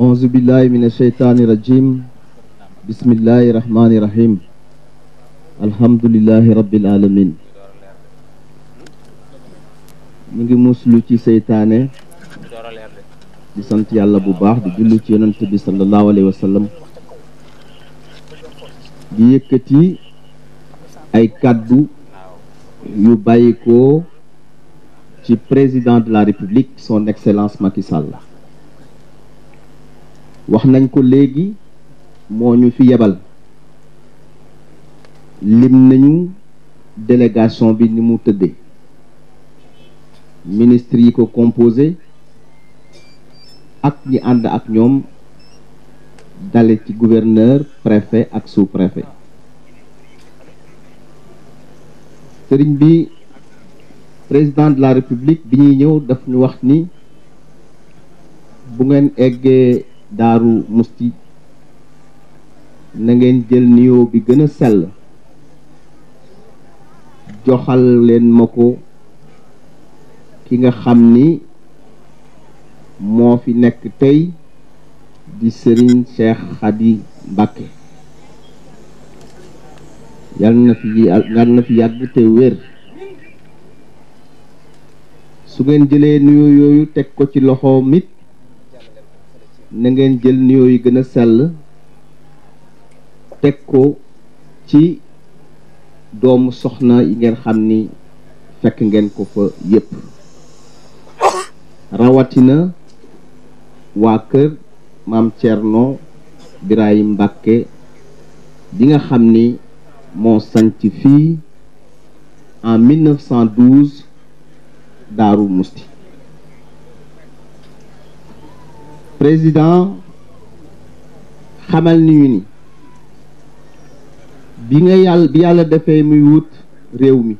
أعوذ بالله من الشيطان الرجيم بسم ngi muslu ci seytaane di sant yàlla bu baax di jullu ci yonent bi sallallahu alayhi wa di yëkkati ay kàddu yu bàyyikoo ci président de la république son excellence Macky Sall wax nañ ko léegi moo ñu fi yebal lim nañu délégation bi ni mu tëdde ministre yi ko composé ak ñi ànd ak ñoom dale ci gouverneur préfet ak sous-préfet sëriñ bi président de la république bi ñuy ñëw daf ñu wax ni bu ngeen eggee daaru musti na ngeen jël nuyoo bi gën a sell joxal leen ma ko ki nga xam ni moo fi nekk tey di Serigne Cheikh Khady Mbacké yal na fi yal na te wér su ngeen jëlee nuyoo yooyu teg ko ci loxoom it na ngeen jël nuyoo yi gën a sell teg ko ci doomu soxna yi ngeen xam ni fekk ngeen ko fa yépp rawatina waa kër maam Thierno Birahim Mbacke bi nga xam ni moo sanc fii en 1912 Daaru Musti président xamal nañu ni bi nga yàlla bi yàlla defee muy wut réew mi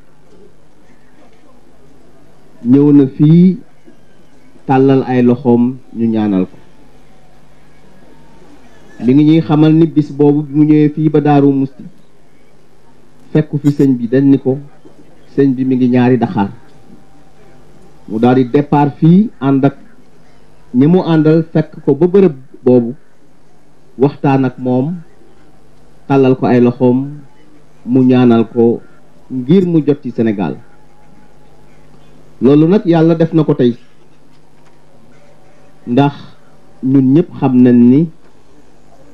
ñëw na fii tàllal ay loxoom ñu ñaanal ko mi ngi ñuy xamal ni bis boobu bi mu ñëwee fii ba Daaru Musti fekku fi sëñ bi dañ ni ko sëñ bi mi ngi ñaari daxaar mu daal di départ fii ànd ak ñi mu àndal fekk ko ba bërëb boobu waxtaan ak moom tàllal ko ay loxoom mu ñaanal ko ngir mu jot ci Sénégal loolu nag yàlla def na ko tey ndax ñun ñëpp xam nañ ni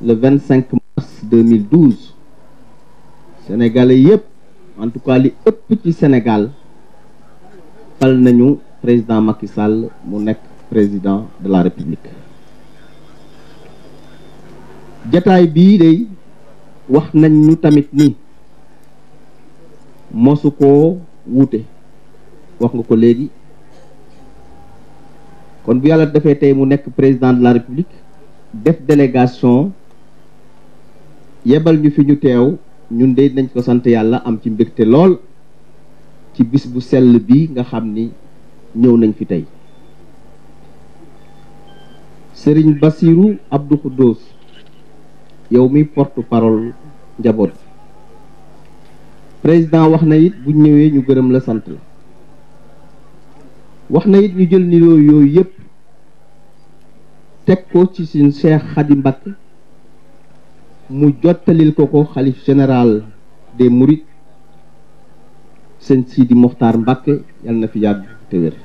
le vingt cinq mars deux mille douze sénégalais yëpp en tout cas li ëpp ci senegal fal nañu président Macky mu nekk président de la république jataay bii day wax nañ ñu tamit ni mosu koo wuute wax nga ko léegi kon bu yàlla defee tey mu nekk président de la république def délégation yebal ñu fi ñu teew ñun de nañ ko sant yàlla am ci te lool ci bis bu sell bi nga xam ni ñëw nañ fi tey sëriñ Bassirou Abdou Khoudous yow mi porte parole njaboot président wax na buñ bu ñëwee ñu gërëm la sant la wax na it ñu jël niroo yooyu yëpp teg ko ci suñ Cheikh Khady mu jottalil ko ko xalif général des Mourides sëñ Sidi Mokhtar Mbacké yàlla na fi yàgg te wér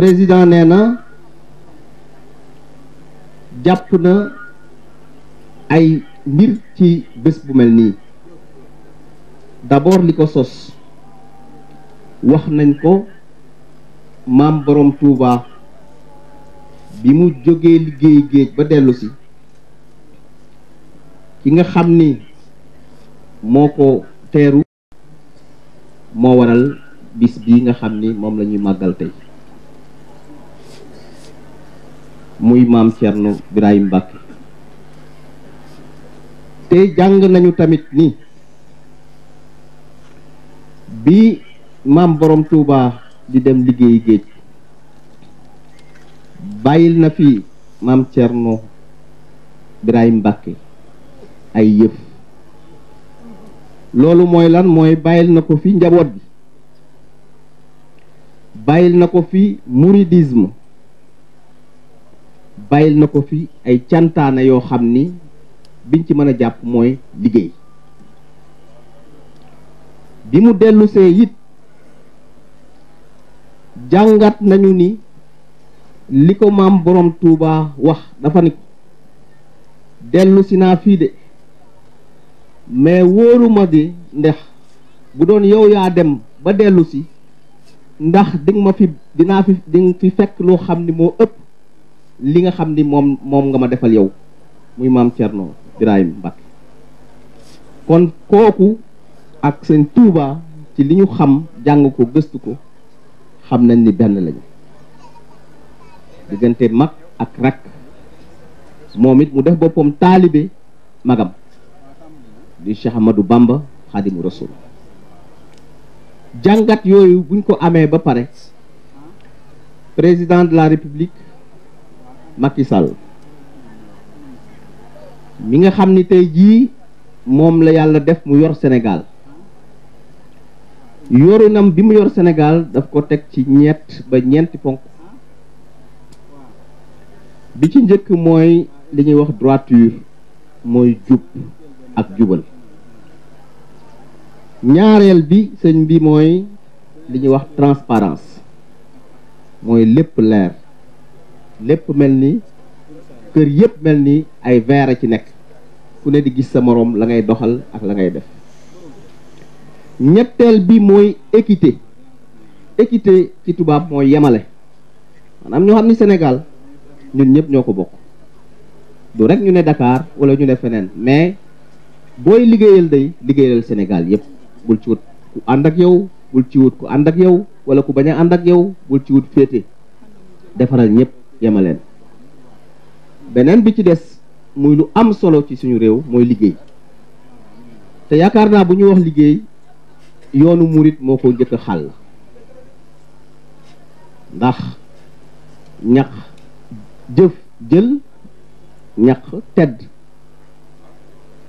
président nee na jàpp na ay mbir ci bés bu mel nii d'abord li ko sos wax nañ ko maam boroom Touba bi mu jógee liggéey géej ba dellusi ki nga xam ni moo ko teeru moo waral bis bi nga xam ni moom la ñuy màggal tey muy maam Thierno Birahim Mbacke te jàng nañu tamit ni bi maam borom Touba di dem liggéeyi géej bàyyil na fi maam Thierno Birahim Mbacke ay yëf loolu mooy lan mooy bàyyil na ko fi njaboot bi bàyyil na ko fi mouridisme bàyyil na ko fi ay cantaane yoo xam ni biñ ci mën a jàpp mooy liggéey bi mu dellusee it jàngat nañu ni li ko maam borom Touba wax dafa ni dellu si naa fii de mais wóoruma di ndex bu doon yow yaa dem ba dellusi ndax ma dinaa fi dinga fi fekk loo xam ni moo ëpp li nga xam ni moom moom nga ma defal yow muy maam Thierno Birahim Mbacke kon kooku ak sëñ Touba ci li ñu xam jàng ko gëstu ko xam nañ ni benn lañu diggante mag ak rakk moom it mu def boppam taalibe magam di Cheikh Ahmadou Bamba Xadimu Rasul jàngat yooyu buñ ko amee ba pare président de la république Macky Sall mi nga xam ni tey jii moom la yàlla def mu yor Sénégal yorinam bi mu yor senegaal daf ko teg ci ñett ba ñeenti ponk bi ci njëkk mooy li ñuy wax droiture mooy jub ak jubal ñaareel bi sëñ bi mooy li ñuy wax transparence mooy lépp leer lépp mel ni kër yëpp mel ni ay verre ci nekk ku ne di gis sa moroom la ngay doxal ak la ngay def ñetteel bi mooy équité équité ci tubaab mooy yemale maanaam ñoo xam ni senegal ñun ñëpp ñoo ko bokk du rek ñu ne dakaar wala ñu ne feneen mais booy liggéeyal day liggéeyal senegal yëpp bul ci wut ku ànd ak yow bul ci wut ku ànd ak yow wala ku bañ a ànd ak yow bul ci wut féete defaral ñëpp yemaleen beneen bi ci des muy lu am solo ci suñu réew mooy liggéey te yaakaar naa bu ñuy wax liggéey yoonu murit moo ko njëkk xal xàll ndax ñax jëf jël ñaq tedd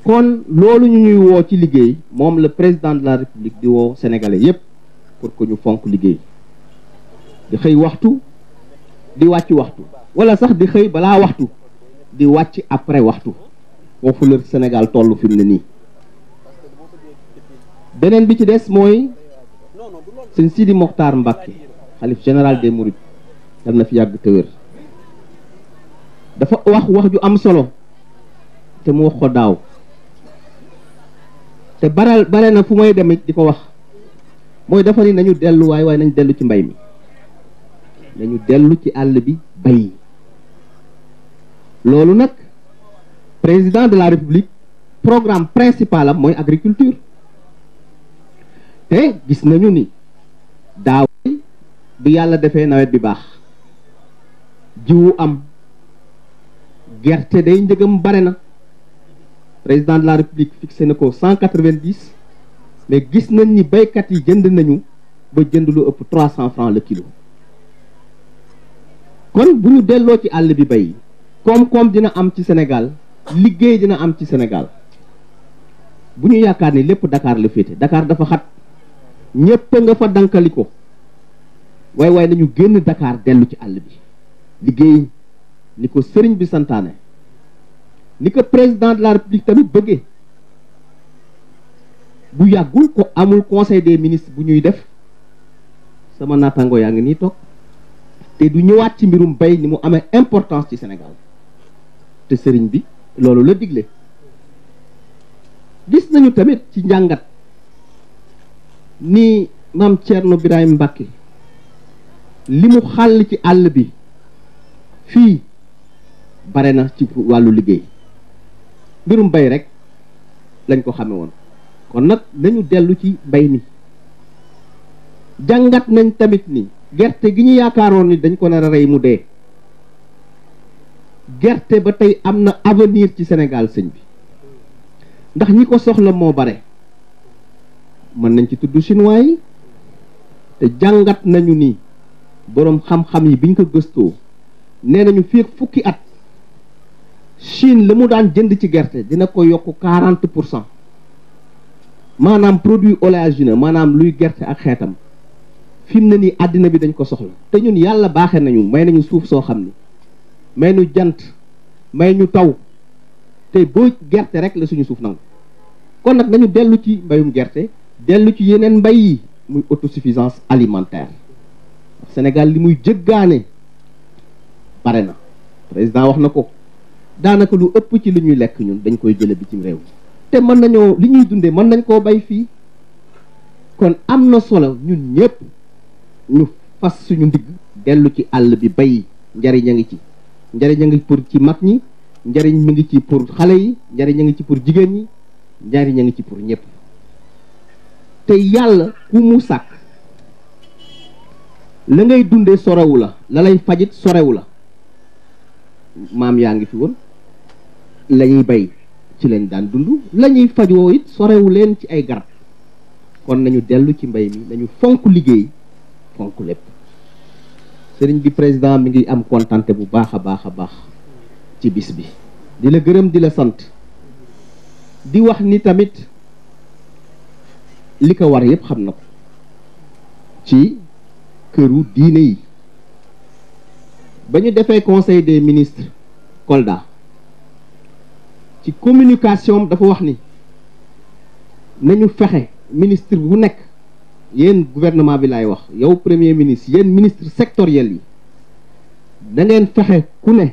kon loolu ñu ñuy woo ci liggéey moom le président de la république di woo sénégalais yépp pour ko ñu fonk liggéey di xëy waxtu di wàcc waxtu wala sax di xëy balaa waxtu di wàcc après waxtu foofu la Sénégal toll fi mu ne nii beneen bi ci des mooy sëñ Sidi Mokhtar Mbacké xalif général des Mourides dal na fi yàgg te dafa wax wax ju am solo te mu wax ko daaw te baral bare na fu may demit di ko wax mooy dafa nañu dellu waay waaye nañ dellu ci mbay mi nañu dellu ci àll bi bay loolu nag président de la république programme principal am mooy agriculture te gis nañu ni daaw bi yàlla defee nawet bi baax jiwu am gerte day njëgam bare na président de la république fixé na ko cent quatre vingt mais gis nañ ni baykat yi jënd nañu ba jënd lu ëpp trois cents francs le kilo kon bu ñu delloo ci àll bi bay koom-koom dina am ci Sénégal liggéey dina am ci Sénégal bu ñu yaakaar ni lépp Dakar la féete Dakar dafa xat ñépp nga fa dankali ko waaye waaye nañu génn Dakar dellu ci àll bi liggéey ni ko sëriñ bi santaane ni ko président de la république tamit bëggee bu yàggul ko amul conseil des ministre bu ñuy def sama naataango yaa ngi nii toog te du ñëwaat ci mbirum bay ni mu amee importance ci senegal te sëriñ bi loolu la digle gis nañu tamit ci jàngat ni maam Thierno Birahim Mbacke li mu xàll ci àll bi fii bare na ci wàllu liggéey mbirum bay rekk lañ ko xame woon kon nag nañu dellu ci mbay mi jàngat nañ tamit ni gerte gi ñu yaakaaroon ni dañ ko nar rey mu dee gerte ba tey am na avenir ci Sénégal sëñ bi ndax ñi ko soxla moo bare mën nañ ci tudd chinois yi te jàngat nañu ni boroom xam-xam yi biñ ko gëstoo nee nañu fii fukki at Chine la mu daan jënd ci gerte dina ko yokk quarante pour cent maanaam produit na maanaam luy gerte ak xeetam fi mu ne nii àddina bi dañ ko soxla te ñun yàlla baaxe nañu may nañu suuf soo xam ni may nu jant may ñu taw te boo gerte rek la suñu suuf nangu kon nag nañu dellu ci mbayum gerte dellu ci yeneen mbay yi muy autosuffisance alimentaire Sénégal li muy jëggaane bare na président wax na ko daanaka lu ëpp ci li ñuy lekk ñun dañ koy jële bitim réew te mën nañoo li ñuy dundee mën nañ koo bay fii kon am na solo ñun ñëpp ñu fas suñu ndigg dellu ci àll bi bay njariñ a ngi ci njariñ a ngi pour ci mag ñi njariñ mi ngi ci pour xale yi njariñ a ngi ci pour jigéen ñi njariñ a ngi ci pour ñëpp te yàlla ku mu sàkk la ngay dunde sorewu la la lay fajit sorewu la maam yaa ngi fi woon la ñuy bay ci lañ daan dund la ñuy fajoo it sorewu leen ci ay garab kon nañu dellu ci mbay mi nañu fonk liggéey fonk lépp sëriñ bi président mi ngi am kontante bu baax a baax a baax ci bis bi di la gërëm di la sant di wax ni tamit li ko war yëpp xam na ko ci këru diine yi ba ñu defee conseil des ministres Kolda ci communication dafa wax ni nañu fexe ministre bu nekk yéen gouvernement bi laay wax yow premier ministre yéen ministre sectoriel yi dangeen ngeen fexe ku ne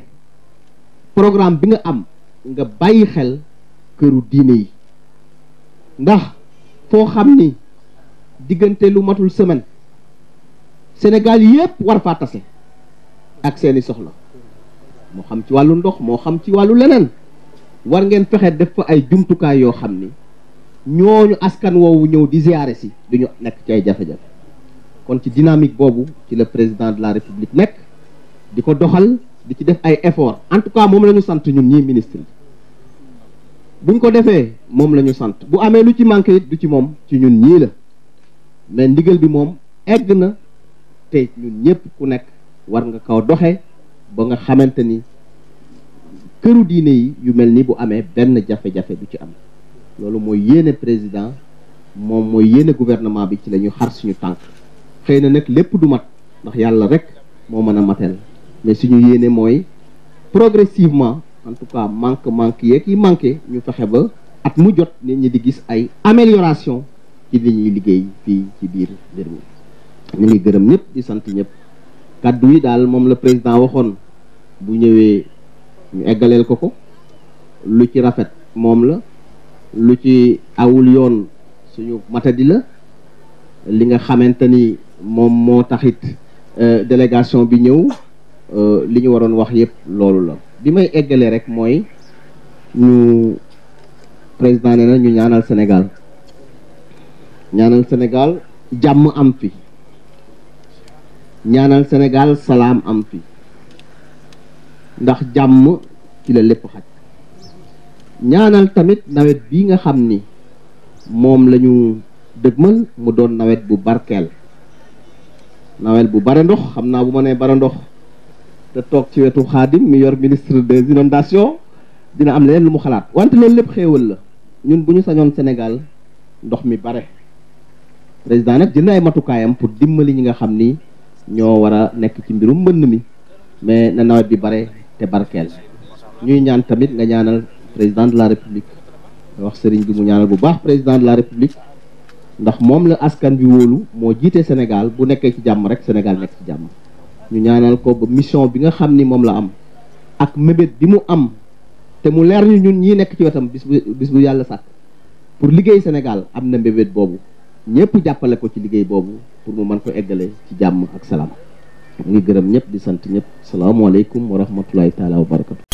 programme bi nga am nga bàyyi xel këru diine yi ndax foo xam ni diggante lu matul semaine Sénégal yépp war faa tase ak seeni soxla moo xam ci wàllu ndox moo xam ci wàllu leneen war ngeen fexe def fa ay jumtukaay yoo xam ni ñooñu askan woowu ñëw di ziare si duñu nekk ci ay jafe-jafe kon ci dynamique boobu ci la président de la république nekk di ko doxal di ci def ay effort en tout cas moom la ñu sant ñun ñii ministre buñ ko defee moom la ñu sant bu amee lu ci manqué it du ci moom ci ñun ñii la mais ndigal bi moom egg na te ñun ñëpp ku nekk war nga kaw doxee ba nga xamante ni këru diine yi yu mel ni bu amee benn jafe-jafe du ci am loolu mooy yéene président moom mooy yéene gouvernement bi ci la ñu xar suñu tànk xëy na nag lépp du mat ndax yàlla rek moo mën a mateel mais suñu yéene mooy progressivement en tout cas manque manque yeeg yi manqué ñu fexe ba at mu jot nit ñi di gis ay amélioration ci li ñuy liggéey fii ci biir mbir mi ñu ngi gërëm ñëpp di sant ñëpp kaddu yi daal moom la président waxoon bu ñëwee ñu eggaleel ko ko lu ci rafet moom la lu ci awul yoon suñu di la li nga xamante ni moom moo taxit euh, délégation bi ñëw euh, li ñu waroon wax yépp loolu la bi may eggalee rek mooy ñu président nee na ñu ñaanal Sénégal ñaanal Sénégal jàmm am fi ñaanal Sénégal salaam am fi ndax jàmm ci la lépp xaj ñaanal tamit nawet bi nga xam ni moom lañu ñu dëgmal mu doon nawet bu barkeel nawet bu bare ndox xam naa bu ma nee bare ndox te toog ci wetu xaadim mi yor ministre des inondations dina am leen lu mu xalaat wante leen lépp xéewal la ñun bu ñu sañoon senegal ndox mi bare président nag jënd ay matukaayam pour dimbali ñi nga xam ni ñoo war a nekk ci mbirum mbënn mi mais na nawet bi bare te barkeel ñuy ñaan tamit nga ñaanal président de la république wax sëriñ bi mu ñaanal bu baax président la république ndax moom la askan bi wóolu moo jiite Sénégal bu nekkee ci jàmm rek Sénégal nekk ci jàmm ñu ñaanal ko ba mission bi nga xam ni moom la am ak mébét bi mu am te mu leer ñu ñun ñii nekk ci wetam bis bu bis bu yàlla sàkk pour liggéey Sénégal am na mébét boobu ñëpp jàppale ko ci liggéey boobu pour mu mën ko eggale ci jàmm ak salaam mu ngi gërëm ñëpp di sant ñëpp salaamaaleykum wa rahmatulahi taala wa barakatu